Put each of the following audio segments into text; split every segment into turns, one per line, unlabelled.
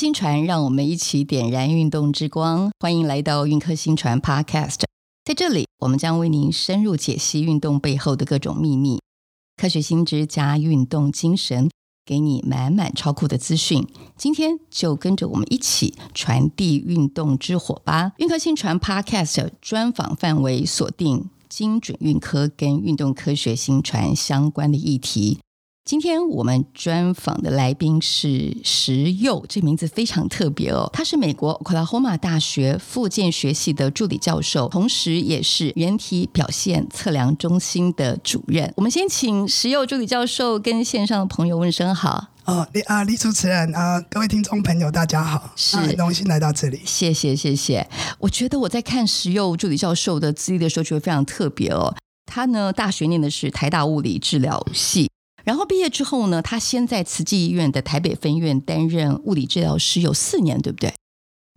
薪傳，讓我們一起點燃運動之光！歡迎來到運科薪傳 Podcast，在這裡我們將為您深入解析運動背後的各種秘密，科學新知加運動精神，給你滿滿超酷的資訊。今天就跟着我們一起傳遞運動之火吧！運科薪傳 Podcast 專訪範圍鎖定精準運科跟運動科學薪傳相關的議題。今天我們專訪的來賓是石又，這名字非常特別哦。他是美國奧克拉荷馬大學復健學系的助理教授，同時也是人體表現測量中心的主任。我們先請石又助理教授跟線上的朋友問聲好。哦，李啊，李主持人啊，各位聽眾朋友，大家好，是榮幸、啊、來到這裡，謝謝謝謝。我覺得我在看石又助理教授的資歷的時候，覺得非常特別哦。他呢，大學念的是台大物理治療系。然後畢業之後呢，他先在慈濟醫院的台北分院擔任物理治療師有四年，對不對？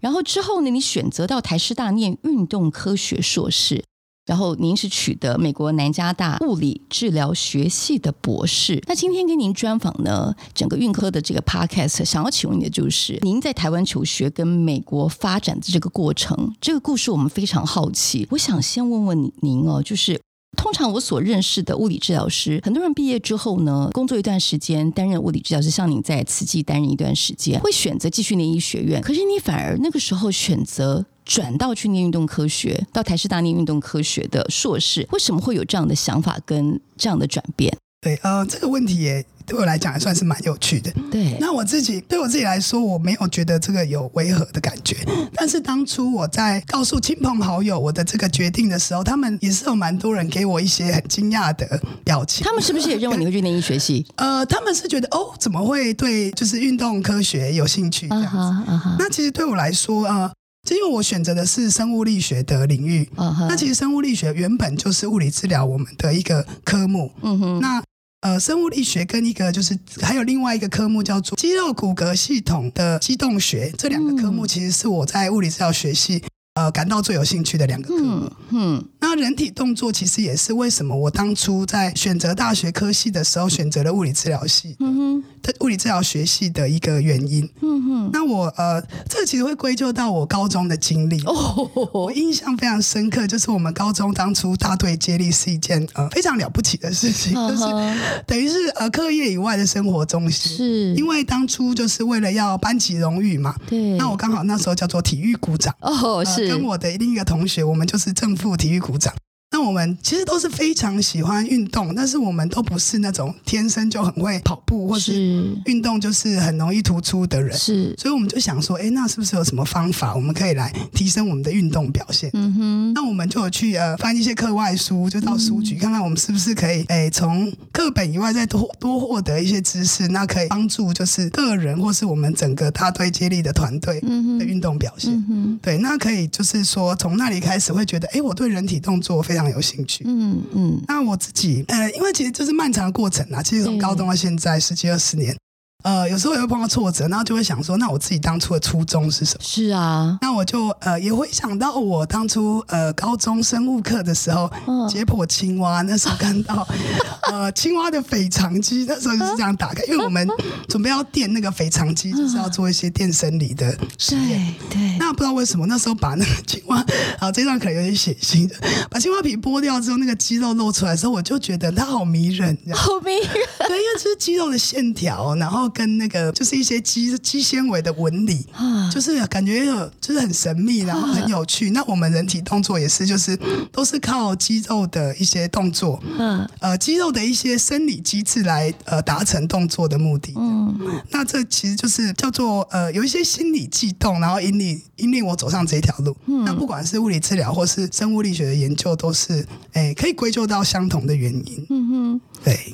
然後之後呢，你選擇到台師大念運動科學碩士，然後您是取得美國南加大物理治療學系的博士。那今天跟您專訪呢，整個運科的這個 podcast，想要請問的就是您在台灣求學跟美國發展的這個過程，這個故事我們非常好奇。我想先問問您哦，就是。通常我所認識的物理治療師，很多人畢業之後呢，工作一段時間，擔任物理治療師，像你在慈濟擔任一段時間，會選擇繼續念醫學院。可是你反而那個時候選擇轉到去念運動科學，到台師大念運動科學的碩士，為什麼會有這樣的想法跟這樣的轉變？
對，呃，這個問題耶。對我來講還算是蠻有趣的。對，那我自己對我自己來說，我沒有覺得這個有違和的感覺。但是當初我在告訴親朋好友我的這個決定的時候，他們也是有蠻多人給我一些
很驚訝的表情。他們是不是也認為你會去念醫學系？
呃，他們是覺得哦，怎麼會對就是運動科學有興趣？哈、uh huh, uh huh. 那其實對我來說啊，就、呃、因為我選擇的是生物力學的領域。啊哈、uh，huh. 那其實生物力學原本就是物理治療我們的一個科目。嗯哼、uh，huh. 那。呃，生物力學跟一個就是還有另外一個科目叫做肌肉骨骼系統的機動學，這兩個科目其實是我在物理治療學系。呃，感到最有興趣的兩個科嗯，嗯，那人體動作其實也是為什麼我當初在選擇大學科系的時候選擇了物理治療系，
嗯
哼，的物理治療學系的一個原因，嗯哼。那我呃，這個、其實會歸咎到我高中的經歷。哦、我印象非常深刻，就是我們高中當初大隊接力是一件呃非常了不起的事情，呵呵，就是等於是呃課業以外的生活中心，是，因為當初就是為了要班級榮譽嘛，對。那我剛好那時候叫做體育股長，哦，是。跟我的另一個同學，我們就是正副體育股長。那我們其實都是非常喜歡運動，但是我們都不是那種天生就很會跑步或是運動就是很容易突出的人。是，所以我們就想說，哎，那是不是有什麼方法我們可以來提升我們的運動表現？嗯哼。那我們就有去呃翻一些課外書，就到書局、嗯、哼看看我們是不是可以，哎，從課本以外再多多獲得一些知識，那可以幫助就是個人或是我們整個大隊接力的團隊的運動表現。嗯、哼對，那可以就是說從那裡開始會覺得，哎，我對人體動作非常。有興趣，嗯嗯，
嗯，
那我自己，呃，因為其實就是漫長的過程啊，其實從高中到現在，十幾二十年。呃，有時候也會碰到挫折，然後就會想說，那我自己當初的初衷是什麼？是啊，那我就呃也會想到我當初呃高中生物課的時候解剖青蛙，嗯、那時候看到 呃青蛙的腓腸肌，那時候就是這樣打開，因為我們準備要電那個腓腸肌，嗯、就是要做一些電生理的對對，對，那不知道為什麼那時候把那個青蛙，好、啊，這段可能有點血腥的，把青蛙皮剝掉之後，那個肌肉露出來的時候，我就覺得它好迷人，好迷人。對，因為這是肌肉的線條，然後。跟那個就是一些肌肌纖維的紋理，就是感覺就是很神秘，然後很有趣。那我們人體動作也是，就是都是靠肌肉的一些動作，呃，肌肉的一些生理機制來呃達成動作的目的。
嗯、
那這其實就是叫做呃有一些心理悸動，然後引領引領我走上這條路。嗯、那不管是物理治療或是生物力學的研究，都是誒可以歸咎到相同的原因。嗯
哼。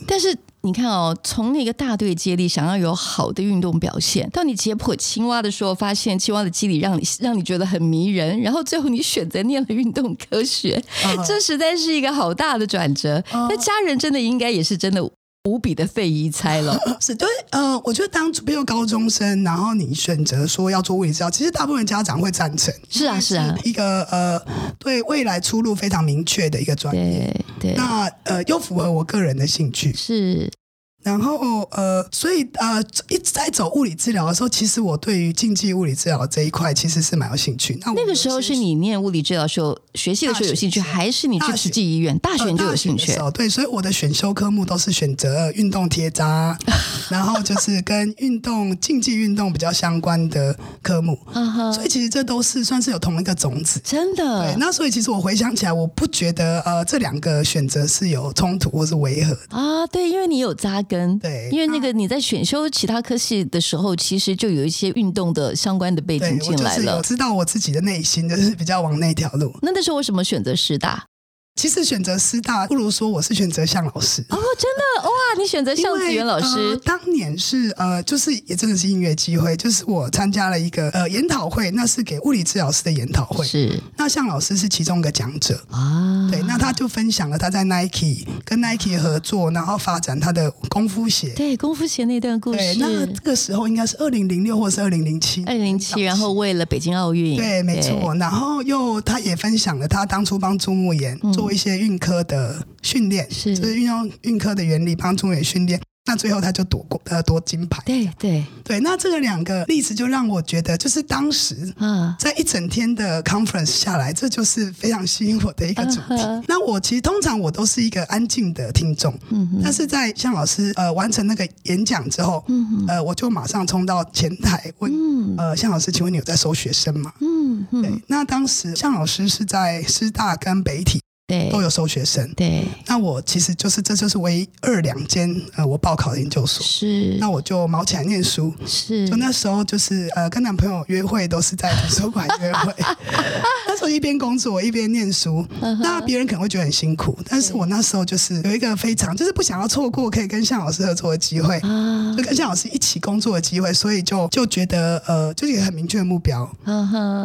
但是你看哦，從那個大隊接力想要有好的運動表現，到你解剖青蛙的時候發現青蛙的肌理讓你讓你覺得很迷人，然後最後你選擇念了運動科學，這實在是一個好大的轉折。那家人真的應該也是真的。無比的費疑猜了，是對。呃，我覺得
當初沒有高中生，然後你選擇說要做物理治療，其實大部分家長會贊成。是啊，是啊，是一個呃，對未來出路非常明確的一個專業。對，對，那呃，又符合我個人的興趣。是。然後呃，所以呃，一直在走物理治療的時候，其實我對於競技物理治療的這一塊其實是蠻有興趣。那
趣那個時候是你念物理治療的時候，學習的時候有興趣，學還是你去實習醫院大學就有興趣？哦、
呃，對，所以我的選修科目都是選擇運動貼紮， 然後就是跟運動競技運動比較相關的科目。啊 所以其實這都是算是有同一個種子， 真的。對，那所以其實我回想起來，我不覺得呃這兩個選擇是有衝突或是違和
的啊，對，因為你有扎。跟對，因為那個你在選修其他科系的時候，其實就有一些運動的相關的背景進來了。我、就是。我知道我自己的內心就是比較往那條路。那那時候為什麼選擇師大？其實選擇師大，不如說我
是選擇向老師哦，真的哇！你選擇向子元老師，呃、當年是呃，就是也真的是音樂機會，就是我參加了一個呃研討會，那是給物理治療師的研討會，是那向老師是其中一個講者啊，對，那他就分享了他在 Nike 跟 Nike 合作，然後發展他的功夫鞋，對，功夫鞋那段故事對。那這個時候應該是二零零六或是二零零七，
二零零七，然後為了北京奧運，對，沒錯，對
然後又他也分享了他當初幫朱木炎、嗯、做。一些運科的訓練是就是運用運科的原理幫中遠訓練，那最後他就奪過呃奪金牌對。對對對，那這個兩個例子就讓我覺得，就是當時嗯，在一整天的 conference 下來，這就是非常吸引我的一個主題。啊、呵那我其實通常我都是一個安靜的聽眾，嗯哼，但是在向老師呃完成那個演講之後，嗯嗯哼，呃，我就馬上衝到前台問，嗯、呃，向老師，請問你有在收學生嗎？嗯嗯
哼，
那當時向老師是在師大跟北體。對，都有收學生。對，那我其實就是這就是唯二兩間呃，我報考的研究所。是，那我就卯起來念書。是，就那時候就是呃跟男朋友約會都是在圖書館約會。那時候一邊工作一邊念書，那別人可能會覺得很辛苦，但是我那時候就是有一個非常就是不想要錯過可以跟向老師合作的機會，就跟向老師一起工作的機會，所以就就覺得呃就是一個很明確的目標。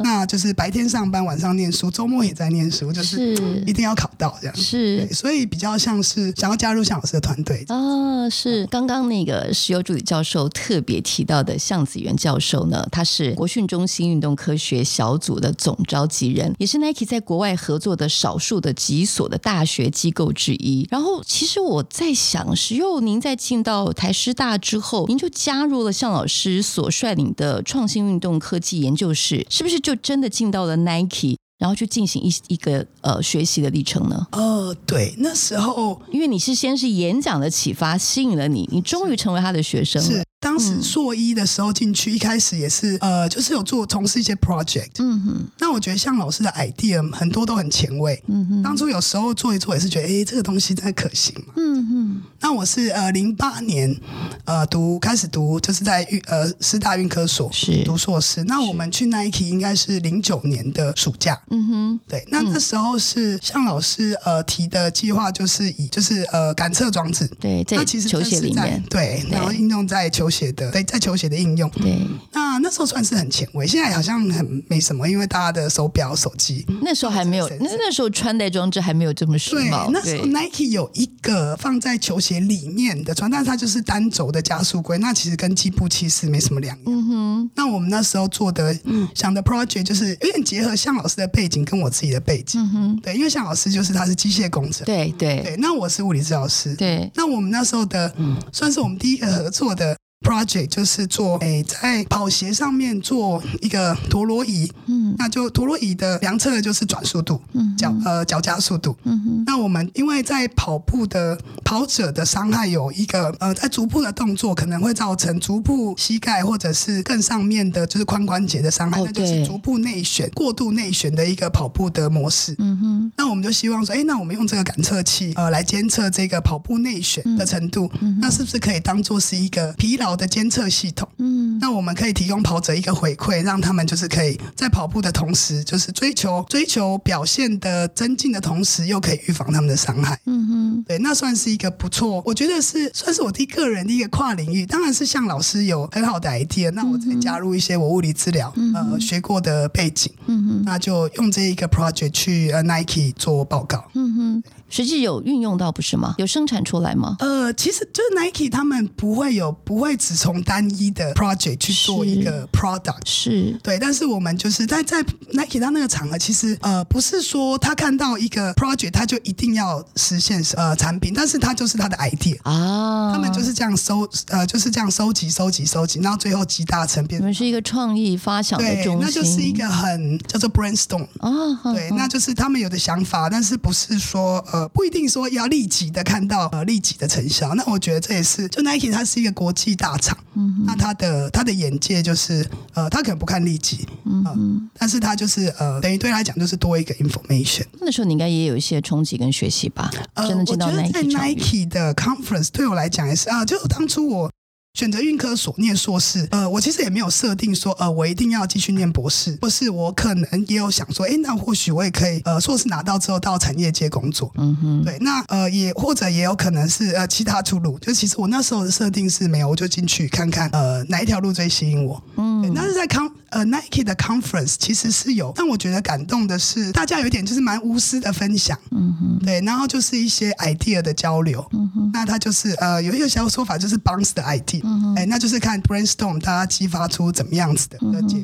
那就是白天上班，晚上念書，周末也在念書，就是一定要考到這樣是，所以比較像是想要加入向老師的
團隊啊。是，剛剛那個石又助理教授特別提到的向子元教授呢，他是國訓中心運動科學小組的總召集人，也是 Nike 在國外合作的少數的幾所的大學機構之一。然後，其實我在想，石又，您在進到台師大之後，您就加入了向老師所率領的創新運動科技研究室，是不是就真的進到了 Nike，然後去進行一一個呃學習的歷程呢？哦，對，那時候因為你是先是演講的啟發吸引了你，你終於成為他的學生了。是。是。
當時碩一的時候進去，一開始也是呃，就是有做從事一些 project。嗯哼。那我覺得向老師的 idea 很多都很前衛。嗯哼。當初有時候做一做也是覺得，哎，這個東西真的可行嘛？嗯哼。那我是呃零八年呃讀開始讀就是在呃師大運科所是讀碩士。那我們去 Nike 應該是零九年的暑假。嗯哼。對，那那時候是向、嗯、老師呃提的計劃就，就是以就是呃感測裝置，對，那其實就是在，對，對，然後應用在球鞋裡面。對，在
球鞋的應用，對，那那
時候算是很前衛，現在好像很沒什麼，因為大家的手錶、手機、
嗯，那時候還沒有，那那時候穿戴裝置還沒有這麼時髦。那時
候 Nike 有一個放在球鞋裡面的，對但是它就是單軸的加速規，那其實跟計步器是沒什麼兩樣。嗯、哼那我們那時候做的，想的 project 就是有點結合向老師的背景跟我自己的背景。嗯、哼對，因為向老師就是他是機械工程，對對對。那我是物理治療師，對。那我們那時候的，嗯、算是我們第一個合作的。就是做哎、欸，在跑鞋上面做一個陀螺儀，嗯，那就陀螺儀的量測就是轉速度，嗯，腳呃腳加速度，嗯哼，那我們因為在跑步的跑者的傷害有一個呃，在足部的動作可能會造成足部膝蓋或者是更上面的就是髖關節的傷害，Okay. 那就是足部內旋過度內旋的一個跑步的模式，嗯哼，那我們就希望說，哎、欸，那我們用這個感測器呃來監測這個跑步內旋的程度，嗯、哼那是不是可以當做是一個疲勞的？監測系統，嗯，那我們可以提供跑者一個回饋，讓他們就是可以在跑步的同時，就是追求追求表現的增進的同時，又可以預防他們的傷害。嗯哼，對，那算是一個不錯，我覺得是算是我的個人的一個跨領域。當然是像老師有很好的 idea，那我再加入一些我物理治療、嗯、哼呃學過的背景，嗯哼，那就用這一個 project 去 Nike 做報告，
嗯哼。實際有運用到不是嗎？有生產出來嗎？呃，其實就是 Nike 他們不會有，不會只從單一
的 project 去做一個 product，是，是對。但是我們就是在在 Nike 他那個場合，其實呃，不是說他看到一個 project，他就一定要實現呃產品，但是他就是他的 idea 啊，他們就是這樣收呃，就是這樣收集收集收集，然後最後集大成，變成是一個創意發想的中心。對，那就是一個很叫做 brainstorm 啊，好好對，那就是他們有的想法，但是不是說呃。不一定說要立即的看到呃立即的成效，那我覺得這也是，就 Nike 它是一個國際大廠，嗯、哼那它的他的眼界就是呃，他可能不看立即，
呃、嗯哼，
但是他就是呃，等於
對他來講就是多一個 information。那時候你應該也有一些衝擊跟學習吧？呃、真的知道 Nike，我覺得在
Nike 的 conference 對我來講也是啊、呃，就當初我。選擇運科所念碩士，呃，我其實也沒有設定說，呃，我一定要繼續念博士，或是我可能也有想說，誒，那或許我也可以，呃，碩士拿到之後到產業界工作，嗯哼，對，那呃也或者也有可能是呃其他出路，就其實我那時候的設定是沒有，我就進去看看，呃，哪一條路最吸引我，嗯對，那是在康。呃、uh,，Nike 的 conference 其實是有，但我覺得感動的是，大家有一點就是蠻無私的分享，嗯哼，對，然後就是一些 idea 的交流，嗯哼，那他就是呃，有一個小說法就是 bounce 的 idea，哎、嗯哼欸，那就是看 brainstorm，大家激發出怎麼樣子的，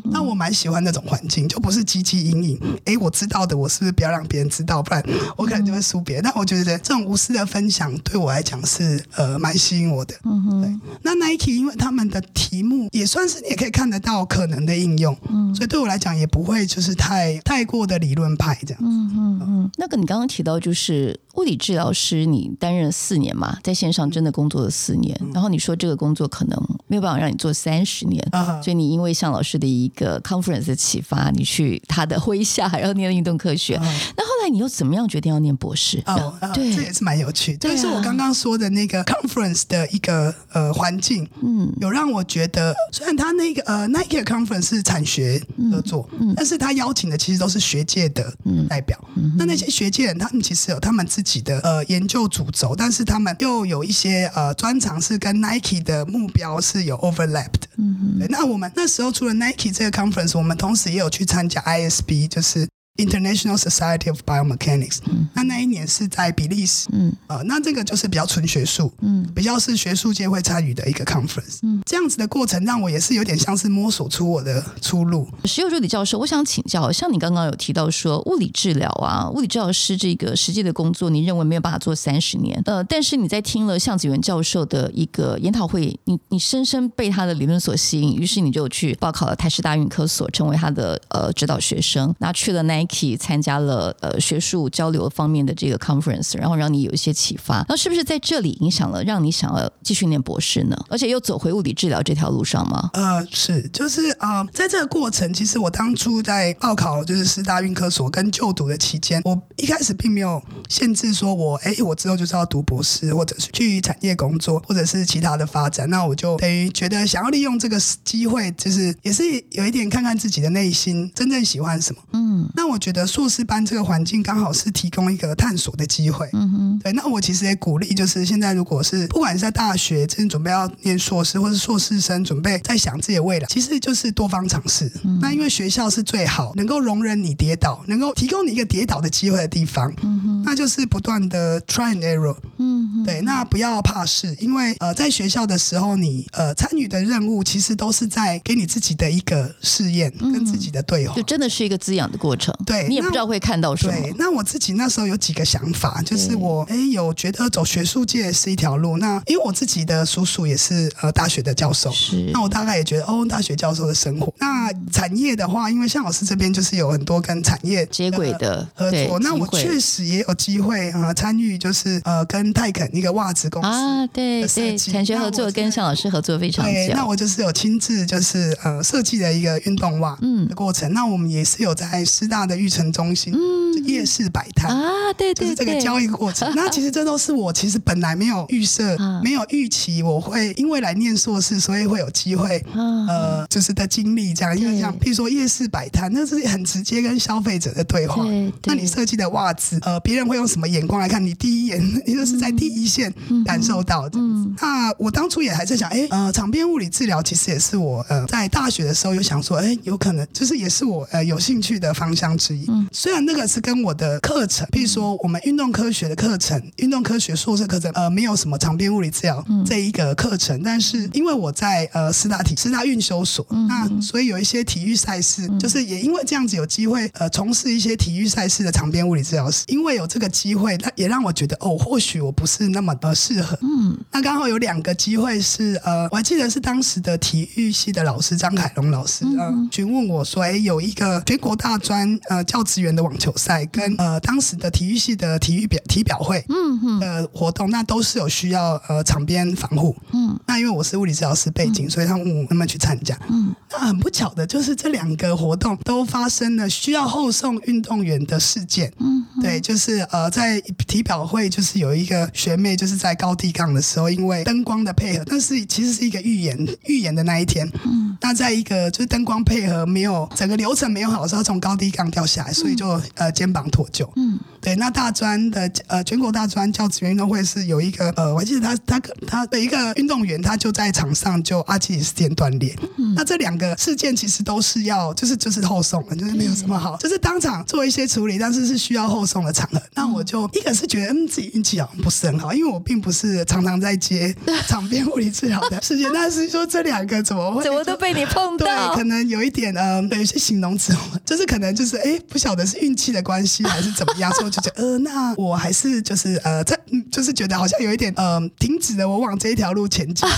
那我蠻喜歡那種環境，就不是汲汲營營，哎、欸，我知道的，我是不是不要讓別人知道，不然我可能就會輸別人。嗯、哼但我覺得這種無私的分享，對我來講是呃蠻吸引我的，嗯哼，對。那 Nike 因為他們的題目也算是你也可以看得到可能的應。用，所以對我來講也不會就是太太過
的理論派這樣。嗯嗯嗯，那個你剛剛提到就是。物理治療師，你擔任了四年嘛，在線上真的工作了四年，嗯、然後你說這個工作可能沒有辦法讓你做三十年，嗯、所以你因為向老師的一個 conference 的啟發，你去他的麾下，然後念了運動科學。嗯、那後來你又怎麼樣決定要念博士？哦，哦，對，這也是蠻有趣。就、啊、是我剛
剛說的那個 conference 的一個呃環境，嗯，有讓我覺得，雖然他那個呃 Nike conference 是產學合作，嗯嗯、但是他邀請的其實都是學界的代表，嗯、那那些學界人他們其實有他們自己。己的呃研究主軸，但是他們又有一些呃專長是跟 Nike 的目標是有 overlap 的、嗯哼。嗯 d 那我們那時候除了 Nike 這個 conference，我們同時也有去參加 ISB，就是。International Society of Biomechanics，嗯、那那一年是在比利時，嗯，呃，那這個就是比較純學術，嗯，比較是學術界會參與的一個 conference，嗯，這樣子的過程讓我也是有點像是摸索出我的出路。
石、嗯嗯嗯、又助理教授，我想請教，像你剛剛有提到說物理治療啊，物理治療師這個實際的工作，你認為沒有辦法做三十年，呃，但是你在聽了向子元教授的一個研討會，你你深深被他的理論所吸引，於是你就去報考了台師大運科所，成為他的呃指導學生，那去了那一。一可以參加了呃學術交流方面的這個 conference，然後讓你有一些啟發，那是不是在這裡影響了，讓你想要繼續念博士呢？而且又走回物理治療這條路上嗎？呃，是，
就是啊、呃，在這個過程，其實我當初在報考就是師大運科所跟就讀的期間，我一開始並沒有限制說我哎、欸，我之後就是要讀博士，或者是去產業工作，或者是其他的發展。那我就等於覺得想要利用這個機會，就是也是有一點看看自己的內心真正喜歡什麼。
嗯，那。
我覺得碩士班這個環境剛好是提供一個探索的機會。嗯哼，對。那我其實也鼓勵，就是現在如果是不管是在大學正準備要念碩士，或是碩士生準備在想自己的未來，其實就是多方嘗試。嗯、那因為學校是最好能夠容忍你跌倒，能夠提供你一個跌倒的機會的地方。嗯哼，那就是不斷的 try and error。嗯哼，對。那不要怕事，因為呃，在學校的時候你，你呃參與的任務其實都是在給你自己的一個試驗，跟自己
的對話、嗯，就真的是一個滋養的過程。對，你也不知道會看到什麼。
那我自己那時候有幾個想法，就是我哎有覺得走學術界是一條路。那因為我自己的叔叔也是呃大學的教授，是。那我大概也覺得哦，大學教授的生活。那產業的話，因為向老師這邊就是有很多跟產
業接軌的合作。那我確
實也有機會啊參與，就是呃跟泰
肯一個襪子公司啊，對對產學合作跟向老師合作非常好。對，那我就是有
親自就是呃設計了一個運動襪嗯的過程。那我們也是有在師大。的育成中心就夜市擺攤啊，對、嗯，就是這個交易過程。啊、對對對，那其實這都是我其實本來沒有預設、啊、沒有預期，我會因為來念碩士，所以會有機會、啊、呃，就是的經歷這樣。對因為像譬如說夜市擺攤，那是很直接跟消費者的對話。對對，那你設計的襪子，呃，別人會用什麼眼光來看你？第一眼，也就是在第一線感受到的。嗯嗯、那我當初也還在想，哎，呃，場邊物理治療其實也是我呃，在大學的時候有想說，哎，有可能就是也是我呃有興趣的方向。嗯，雖然那個是跟我的課程，譬如說我們運動科學的課程、運動科學碩士課程，呃，沒有什麼場邊物理治療、嗯、這一個課程，但是因為我在呃四大體、四大運修所，嗯、那所以有一些體育賽事，嗯、就是也因為這樣子有機會，呃，從事一些體育賽事的場邊物理治療師，因為有這個機會，那也讓我覺得哦，或許我不是那麼的適合，嗯，那剛好有兩個機會是呃，我還記得是當時的體育系的老師張凱龍老師嗯，詢、呃、問我說，哎，有一個全國大專。呃，教職員的網球賽跟呃當時的體育系的體育表體表會，嗯哼，的活動，那都是有需要呃場邊防護，嗯，那因為我是物理治療師背景，嗯、所以他們我慢慢去參加，嗯，那很不巧的就是這兩個活動都發生了需要後送運動員的事件，嗯，
嗯對，
就是呃在體表會就是有一個學妹就是在高低槓的時候，因為燈光的配合，但是其實是一個預演預演的那一天，嗯，那在一個就是燈光配合沒有整個流程沒有好的時候，從高低槓跳。掉下來，所以就呃肩膀脫臼。嗯，對。那大專的呃全國大專教職員運動會是有一個呃，我記得他他他的一個運動員他就在場上就阿基里斯腱斷裂。嗯嗯那這兩個事件其實都是要就是就是後送的，就是沒有什麼好，嗯、就是當場做一些處理，但是是需要後送的場合。嗯、那我就一個是覺得自己運氣好像不是很好，因為我並不是常常在接場邊物理治療的事件。 但是說這兩個怎麼會怎麼都被你碰到？對可能有一點呃，有些形容詞就是可能就是、欸哎、欸，不曉得是運氣的關係還是怎麼樣，所以我就覺得，呃，那我還是就是呃，在、嗯、就是覺得好像有一點，呃，停止了，我往這一條路前進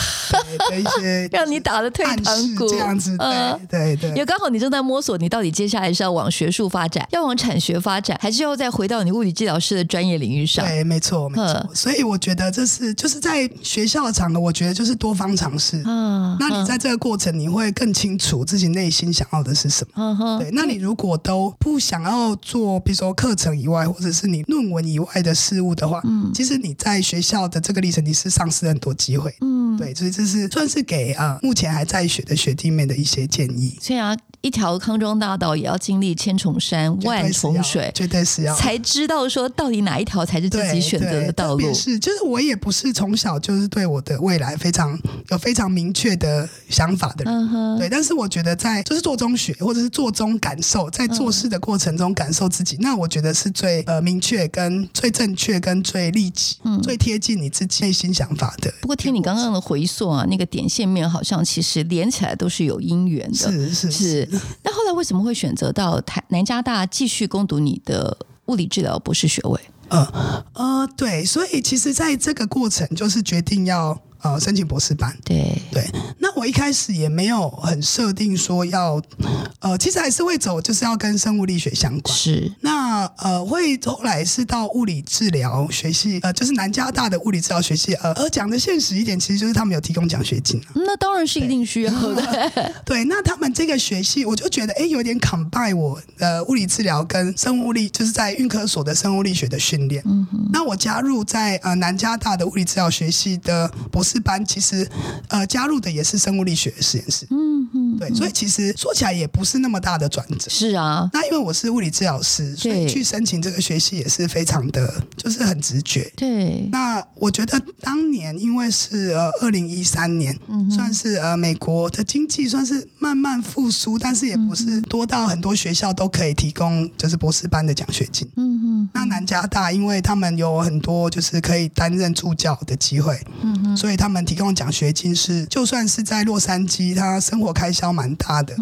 的 一些， 讓你打了退堂鼓這樣子，對對對。因為剛好你正在摸索，你到底接下來是要往學術發展，要往產學發展，還是要再回到你物理治療師的專業領域上？對，沒錯，沒錯。 所以我覺
得這是就是在學校的場合，我覺得就是多方嘗試。嗯， 那你在這個過程，你會更清楚自己內心想要的是什麼。 對，那你如果都。 不想要做，比如說課程以外，或者是你論文以外的事物的話，嗯，其實你在學校的這個歷程，你是喪失很多機會。嗯，對，所以這是算是給啊、呃，目前還在學的學弟妹的一些建議。
所以啊一條康莊大道也要經歷千重山萬重水絕，絕對是要才知道說到底哪一條才是自己選擇的道路。對對是，就是
我也不是從小就是對我的未來非常有非常明確的想法的人，
嗯、哼
對。但是我覺得在就是做中學或者是做中感受，在做事的過程中感受自己，嗯、那我覺得是最呃明確、跟最正確、跟最利己、嗯、最貼近你自己內心想法的。
不過聽你剛剛的回溯啊，那個點線面好像其實連起來都是有因緣的，是是是。是是是 那後來為什麼會選擇到南加大繼續攻讀你的物理治療博士學位？嗯呃，
呃，對，所以其實在這個過程就是決定要。呃，申請博士班，
對對，
那我一開始也沒有很設定說要，呃，其實還是會走，就是要跟生物力學相關。是，那呃，會後來是到物理治療學系，呃，就是南加大的物理治療學系，呃，而講的現實一點，其實就是他們有提供獎學金啊，
那當然是一定需要的。對，
呃， 對，那他們這個學系，我就覺得，哎，有點 combine 我呃，物理治療跟生物力，就是在運科所的生物力學的訓練。嗯哼。那我加入在呃南加大的物理治療學系的博士。四班其實，呃，加入的也是生物力學實驗室。對，所以其實說起來也不是那麼大的轉折，是啊。那因為我是物理治療師，所以去申請這個學習也是非常的就是很直覺。
對，那我
覺得當年因為是呃二零一三年，嗯、哼算是呃美國的經濟算是慢慢復甦，但是也不是多到很多學校都可以提供就是博士班的獎學金。嗯嗯哼。那南加大因為他們有很多就是可以擔任助教的機會，嗯哼所以他們提供獎學金是就算是在洛杉磯，他生活開銷。都蠻大的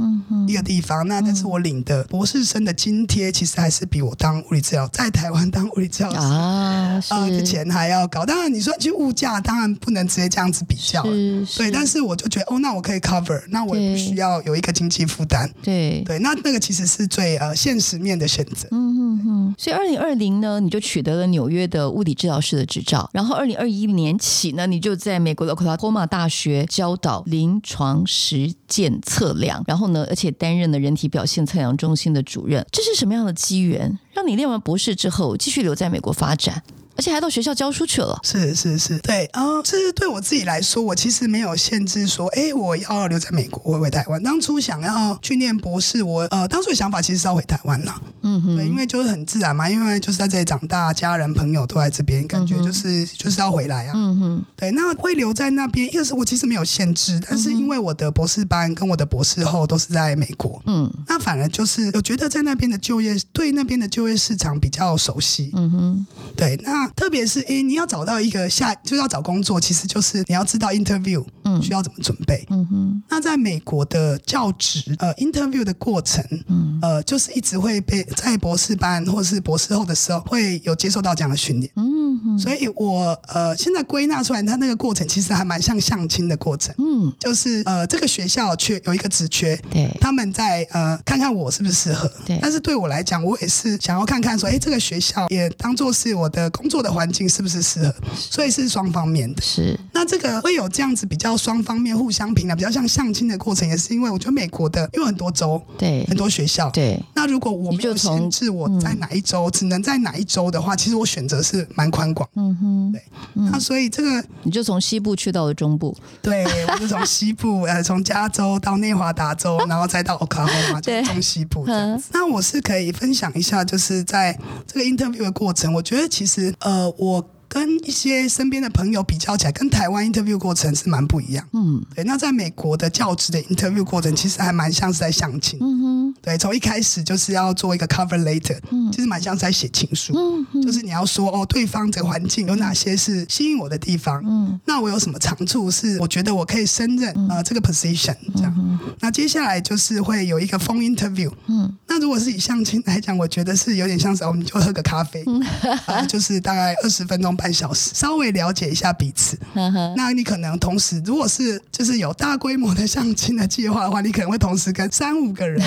一個地方，嗯、哼那但是我領的博士生的津貼，其實還是比我當物理治療在台灣當物理治療啊啊的錢還要高。當然你說其實物價當然不能直接這樣子比較，對。但是我就覺得哦，那我可以 cover，那我也不需要有一個經濟負擔。對對,對，那那個其實是最呃現實面的選擇。嗯
嗯嗯。對所以二零二零呢，你就取得了紐約的物理治療師的執照，然後二零二一年起呢，你就在美國的奧克拉荷馬大學教導臨床實。檢測量，然後呢？而且擔任了人體表現測量中心的主任，這是什麼樣的機緣，讓你念完博士之後繼續留在美國發展？而且還到學校教書去了，是是
是，對啊，這、呃、是對我自己來說，我其實沒有限制說，哎、欸，我要留在美國，我會回台灣。當初想要去念博士，我呃，當初的想法其實是要回台灣啦，嗯哼，對，因為就是很自然嘛，因為就是在這裡長大，家人朋友都在這邊，感覺就是、嗯、哼就是要回來啊，嗯哼，對，那會留在那邊，因為我其實沒有限制，但是因為我的博士班跟我的博士後都是在美國，嗯哼，那反而就是我覺得在那邊的就業對那邊的就業市場比較熟悉，嗯哼，對，那。特別是，哎、欸，你要找到一個下，就要找工作，其實就是你要知道 interview。嗯，需要怎麼準備？嗯哼，那在美國的教職呃，interview 的過程，嗯，呃，就是一直會被在博士班或是博士後的時候會有接受到這樣的訓練，嗯
哼，
所以我呃現在歸納出來，他那個過程其實還蠻像相親的過程，嗯，就是呃這個學校卻有一個職缺，對，他們在呃看看我是不是適合，對，但是對我來講，我也是想要看看說，哎、欸，這個學校也當做是我的工作的環境是不是適合，所以是雙方面的，是，那這個會有這樣子比較。雙方面互相平等，啊，比較像相親的過程，也是因為我覺得美國的，因為有很多州，對，很多學校，對。那如果我沒有限制我在哪一州，嗯、只能在哪一州的話，其實我選擇是蠻寬廣。嗯哼，對。嗯、那所
以這個你就從西部去到了中部，
對，我就從西部 呃從加州到內華達州，然後再到俄克拉荷馬， 就中西部
這樣。對，嗯、那我是可以分享一下，
就是在這個 interview 的過程，我覺得其實呃我。跟一些身邊的朋友比較起來，跟台灣 interview 過程是蠻不一樣。嗯，對。那在美國的教職的 interview 過程，其實還蠻像是在相親。嗯
哼，
對。從一開始就是要做一個 cover letter，、嗯、其實蠻像是在寫情書。嗯哼就是你要說哦，對方這個環境有哪些是吸引我的地方？嗯，那我有什麼長處是我覺得我可以勝任、嗯、呃這個 position 這樣。嗯哼。那接下來就是會有一個 phone interview。嗯。嗯那如果是以相親來講，我覺得是有點像是我們就喝個咖啡，啊、 呃，就是大概二十分鐘、半小時，稍微了解一下彼此。 那你可能同時，如果是就是有大規模的相親的計劃的話，你可能會同時跟三五個人、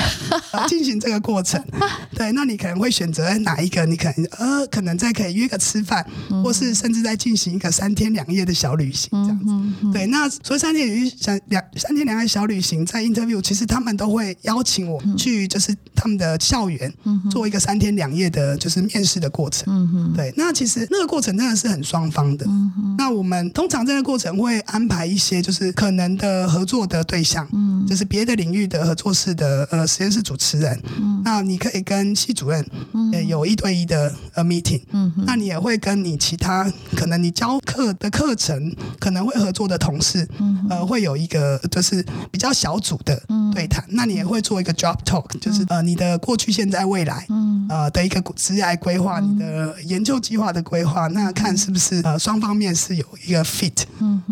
呃、進行這個過程， 對？那你可能會選擇哪一個？你可能呃，可能再可以約個吃飯，或是甚至再進行一個三天兩夜的小旅行這樣子。 對，那所以三天兩小兩三天兩夜小旅行，在 interview 其實他們都會邀請我去，就是他們。的校園做一個三天兩夜的，就是面試的過程。嗯、哼對，那其實那個過程真的是很雙方的。嗯、哼那我們通常這個過程會安排一些，就是可能的合作的對象。嗯就是別的領域的合作式的呃實驗室主持人，那你可以跟系主任呃有一對一的呃 meeting，那你也會跟你其他可能你教課的課程可能會合作的同事，呃會有一個就是比較小組的對談，那你也會做一個 job talk，就是呃你的過去、現在、未來呃的一個職涯規劃、你的研究計劃的規劃，那看是不是呃雙方面是有一個 fit，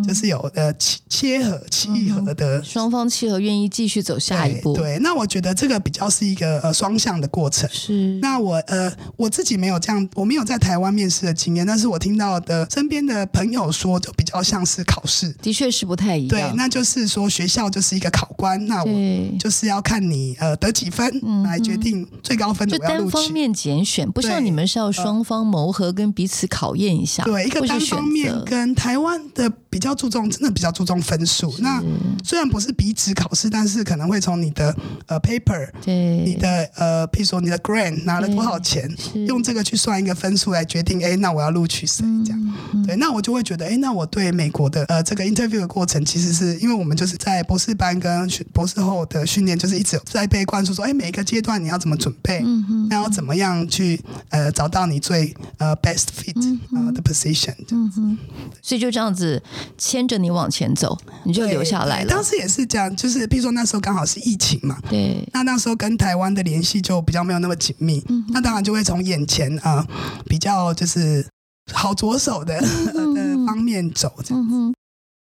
就是有呃切切合契合的雙方契合。願意繼續走下一步？對，對，那我覺得這個比較是一個呃雙向的過程。是，那我呃我自己沒有這樣，我沒有在台灣面試的經驗，但是我聽到的身邊的朋友說，就比較像是考試，的確是不太一樣。對，那就是說學校就是一個考官，對那我就是要看你呃得幾分、嗯嗯、來決定最高分的我要錄取。單方面揀
選，不像你們是要雙方謀合跟彼此考驗一下。對，呃、一個單方面跟
台灣的比較注重，真的比較注重分數。是那雖然不是彼此考驗。是，但是可能會從你的呃 paper，對，你的呃，譬如說你的 grant 拿了多少錢，用這個去算一個分數來決定，哎，那我要錄取誰這樣？嗯嗯、對，那我就會覺得，哎，那我對美國的呃這個 interview 的過程，其實是因為我們就是在博士班跟博士後的訓練，就是一直在被灌輸說，哎，每一個階段你要怎麼準備，嗯嗯，嗯嗯要怎麼樣去呃找到你最呃 best fit
的、嗯嗯呃、position，這
樣子。所以就這樣子牽着你往前走，你就留下來了。當時也是這樣，就是。比如說那
時候剛好是疫情嘛，對，那那時候跟台灣的聯繫就比較沒有那麼緊密，嗯、哼那當然就會從眼前啊比較就是好着手的、嗯、哼的方
面走。這樣，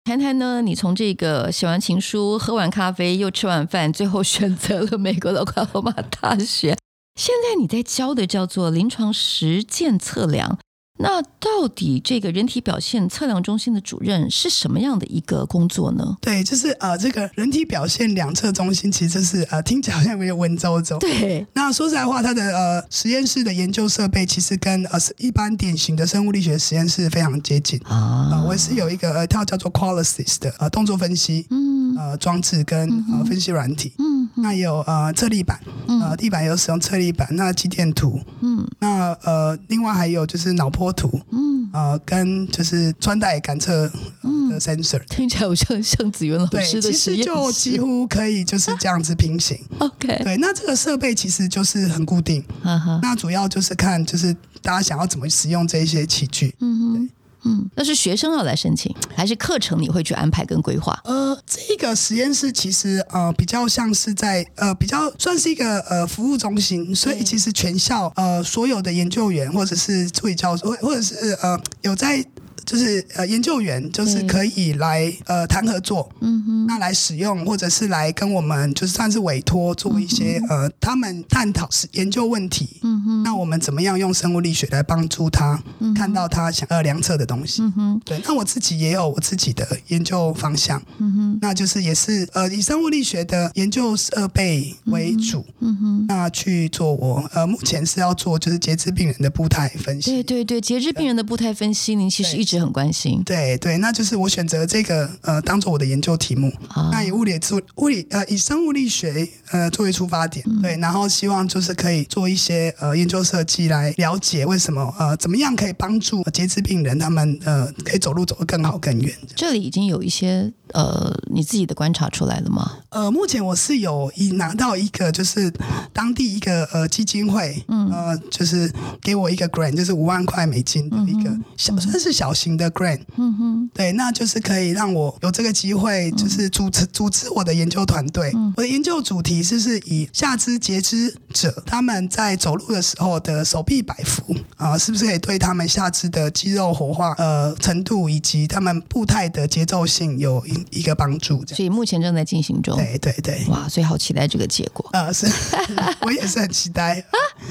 談談、嗯、呢，你從這個寫完情書、喝完咖啡、又吃完飯，最後選擇了美國的奧克拉荷馬大學。現在你在教的叫做臨床實踐測量。那到底這個人體表現測量中心的主任是什麼樣的一個工作呢？
對，就是呃，這個人體表現量測中心，其實、就是呃，聽起來好像沒有文縐縐。對。那說實在話，它的呃實驗室的研究設備其實跟呃一般典型的生物力學實驗室非常接近啊。呃、我也是有一個呃，它叫做 Qualisys 的呃動作分析嗯呃裝置跟、嗯、哼呃分析軟體嗯，哼、呃、嗯，那也有呃測力板嗯，地板有使用測力板，那肌電圖嗯，那呃另外還有就是腦波。嗯，呃、嗯，跟就是穿戴感測的 sensor，聽起來好像像子淵老師的實驗室，其實就幾乎可以就是這樣子平行。啊、OK，對，那這個設備其實就是很固定，啊、哈那主要就是看就是大家想要怎麼使用這一些器具。嗯
嗯。嗯，那是學生要來申請，還是課程你會去安排跟規劃？呃，這個實驗室其實呃比
較像是在呃比較算是一個呃服務中心，所以其實全校呃所有的研究員或者是助理教授，或者是，或者是呃有在就是呃研究員，就是可以來呃談合作，嗯哼對，那來使用或者是來跟我們就是算是委託做一些，嗯、哼呃他們探討研究問題，嗯。那我們怎麼樣用生物力學來幫助他看到他想要量測的東西？嗯哼，對。那我自己也有我自己的研究方向。嗯哼，那就是也是呃以生物力學的研究設備為主。嗯哼，那去做我呃目前是要做就是截肢病人的步態分析對。對對對，截肢病人的步態分析，您其實一直很關心。對對，對，那就是我選擇這個呃當做我的研究題目，啊、那以物理作，物理呃以生物力學、呃、作為出發點，嗯、對，然後希望就是可以做一些呃。研究設計來了解為什麼呃怎麼樣可以幫助截肢病人他們呃可以走路走得
更好更遠。這裡已經有一些呃你自己的觀察出來了嗎？呃，目前
我是有已拿到一個就是當地一個呃基金會，嗯呃就是給我一個 grant，就是五萬塊美金的一個小算是、嗯、哼小型的 grant，嗯
哼，
對，那就是可以讓我有這個機會就是組織、嗯、組織我的研究團隊。嗯、我的研究主題是是以下肢截肢者他們在走路的。時候的手臂擺幅啊，是不是可以對他們下肢的肌肉活化呃程度以及他們步態的節奏性有一一個幫助？所以目前正在進行中，對對對。
哇，所以好期待這個結果啊、呃！是，我也是很期待。 啊、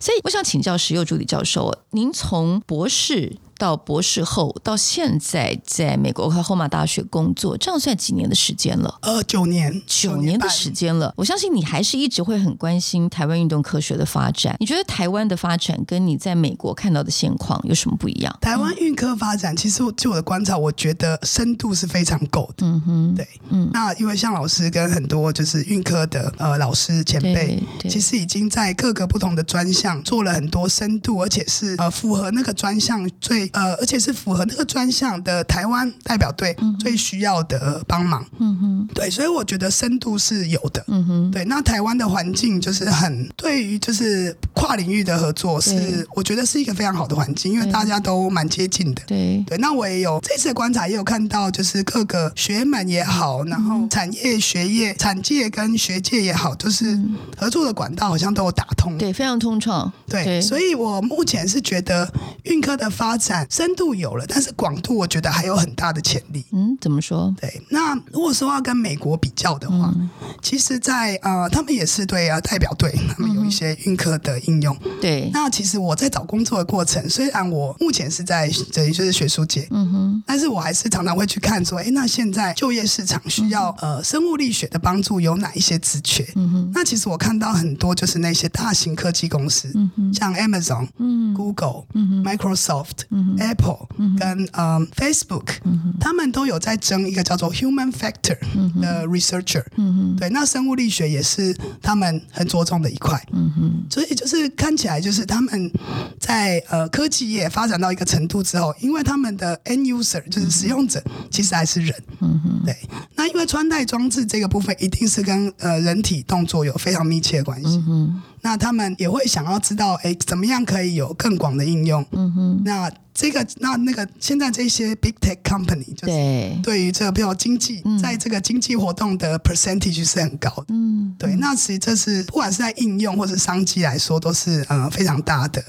所以我想請教石又助理教授，您從博士到博士後到現在在美國奧克拉荷馬大學工作，這樣算幾年的時間了？呃，九年，九年的時間了。我相信你還是一直會很關心台灣運動科學的發展。你覺得台灣的發展跟你在美國看到的現況有什麼不一樣？嗯、
台灣運科發展，其實據我的觀察，我覺得深度是非常夠的。嗯哼，對，嗯。那因為像老師跟很多就是運科的呃老師前輩，對對，其實已經在各個不同的專項做了很多深度，而且是呃符合那個專項最呃，而且是符合那個專項的台灣代表隊最需要的幫忙，嗯哼，對，所以我覺得深度是有的，嗯哼，對，那台灣的環境就是很對於就是。跨領域的合作是，對我覺得是一個非常好的環境，對因為大家都蠻接近的。對對，那我也有這次的觀察，也有看到，就是各個學門也好，然後產業、學業、產界跟學界也好，就是合作的管道好像都有打通。對，非常通暢。對，對所以我目前是覺得運科的發展深度有了，但是廣度我覺得還
有很大的潛力。嗯，怎麼說？對，那
如果說要跟美國比較的話，嗯、其實在，在呃，他們也是對啊代表隊，他們有一些運科的。應用。對，那其實我在找工作的過程，雖然我目前是在這於就是學術界，嗯
哼，但
是我還是常常會去看說，哎，那現在就業市場需要呃生物力學的幫助有哪一些職缺？嗯哼，那其實我看到很多就是那些大型科技公司，像 Amazon、Google、Microsoft、Apple 跟嗯 Facebook，他們都有在爭一個叫做 Human Factor 的 researcher，嗯哼，對，那生物力學也是他們很着重的一塊，嗯哼，所以就。是看起來就是他們在呃，科技業發展到一個程度之後，因為他們的 end user 就是使用者，嗯哼，其實還是人。對，那因為穿戴裝置這個部分，一定是跟呃人體動作有非常密切的關係。嗯那他們也會想要知道，哎、欸，怎麼樣可以有更廣的應用。嗯哼。那這個，那那個，現在這些 big tech company 就是對對於這個對比較經濟，在這個經濟活動的 percentage 是很高
的。嗯，對。
那其實這是不管是在應用或是商機來說，都是嗯、呃、非常大的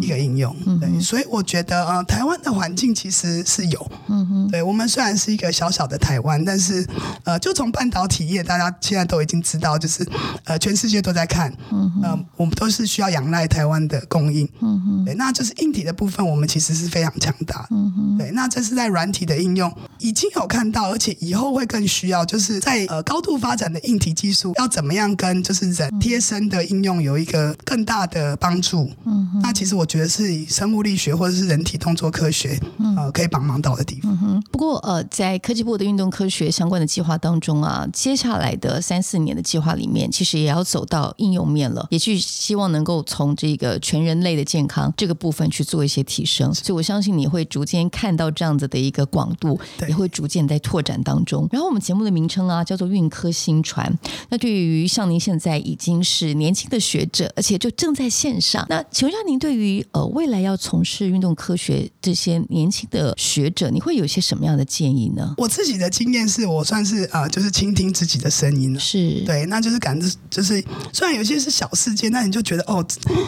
一個應用。嗯、哼對。所以我覺得，呃，台灣的環境其實是有。嗯哼。對，我們雖然是一個小小的台灣，但是呃，就從半導體業，大家現在都已經知道，就是呃，全世界都在看。嗯、呃、哼。嗯，我們都是需要仰賴台灣的供應。嗯嗯，對，那就是硬體的部分，我們其實是非常強大的。嗯嗯，對，那這是在軟體的應用已經有看到，而且以後會更需要，就是在呃高度發展的硬體技術要怎麼樣跟就是人貼身的應用有一個更大的幫助嗯，嗯，嗯，那其實我覺得是以生物力學或者是人體動作科學，呃，可以幫忙到的地
方。不過呃，在科技部的運動科學相關的計劃當中啊，接下來的三四年的計劃裡面，其實也要走到應用面了，去希望能夠從這個全人類的健康這個部分去做一些提升，是所以我相信你會逐漸看到這樣子的一個廣度，對也會逐漸在拓展當中。然後我們節目的名稱啊，叫做《運科薪傳》。那對於像您現在已經是年輕的學者，而且就正在線上，那請問一下，您對於呃未來要從事運動科學這些年輕的學者，你會有些什麼樣的建議呢？
我自己的經驗是我算是啊、呃，就是傾聽自己的聲音，是對，那就是感覺就是雖然有些是小事。那你就覺得哦，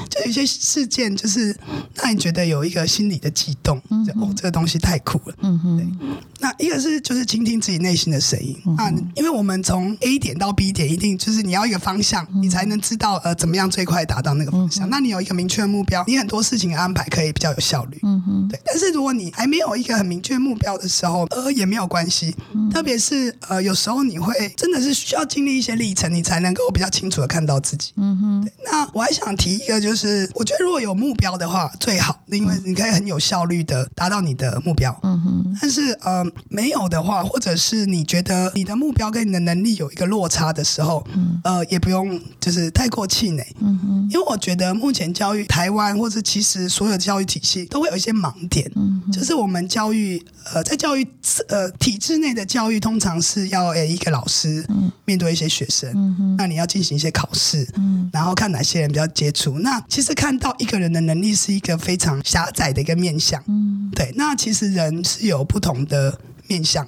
就有些事件就是，那你覺得有一個心理的激動，就哦，這個東西太酷了。嗯嗯。
對。
嗯哼，那一個是就是傾聽自己內心的聲音啊，嗯哼，那因為我們從 A 點到 B 點一定就是你要一個方向，嗯哼，你才能知道呃怎麼樣最快達到那個方向。嗯哼，那你有一個明確的目標，你很多事情安排可以比較有效率。嗯哼。對。但是如果你還沒有一個很明確目標的時候，呃也沒有關係。嗯哼。特別是呃有時候你會真的是需要經歷一些歷程，你才能夠比較清楚的看到自己。嗯哼。對。那我還想提一個，就是我覺得如果有目標的話，最好，因為你可以很有效率的達到你的目標。嗯、哼但是呃，沒有的話，或者是你覺得你的目標跟你的能力有一個落差的時候，嗯、呃，也不用就是太過氣餒。嗯、哼因為我覺得目前教育台灣，或是其實所有教育體系都會有一些盲點。嗯、哼就是我們教育，呃，在教育呃體制內的教育，通常是要誒一個老師、嗯、面對一些學生。嗯、哼那你要進行一些考試。嗯、然後看。看哪些人比較接觸？那其實看到一個人的能力是一個非常狹窄的一個面向。嗯，對。那其實人是有不同的。印象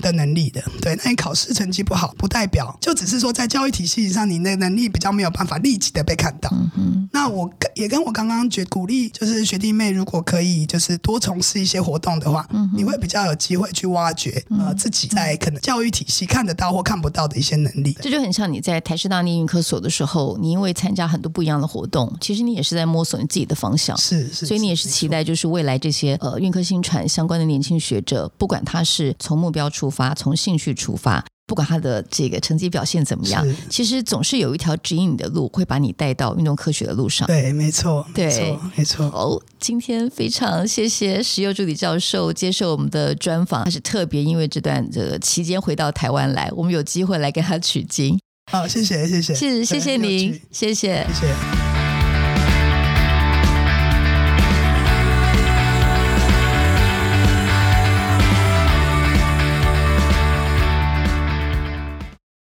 的能力的，對，那你考試成績不好，不代表就只是說在教育體系上，你的能力比較沒有辦法立即的被看到。嗯、哼那我也跟我剛剛覺得鼓勵，就是學弟妹，如果可以，就是多從事一些活動的話，嗯、哼你會比較有機會
去挖掘呃自己在可能教育體系
看得到或看不到的一些能力。嗯、
哼對這就很像你在台師大念運科所的時候，你因為參加很多不一樣的活動，其實你也是在摸索你自己的方向。是，是，是，所以你也是期待，就是未來這些呃運科薪傳相關的年輕學者，不管他是從目標出發，從興趣出發，不管他的這個成績表現怎麼樣，是其實總是有一條指引你的路，會把你帶到運動科學的路上。對，沒錯，對沒錯，沒錯。好，今天非常謝謝石又助理教授接受我們的專訪，還是特別因為這段的期間回到台灣來，我們有機會來跟他取經。好，謝謝，謝謝，謝謝您，嗯、謝謝，謝謝。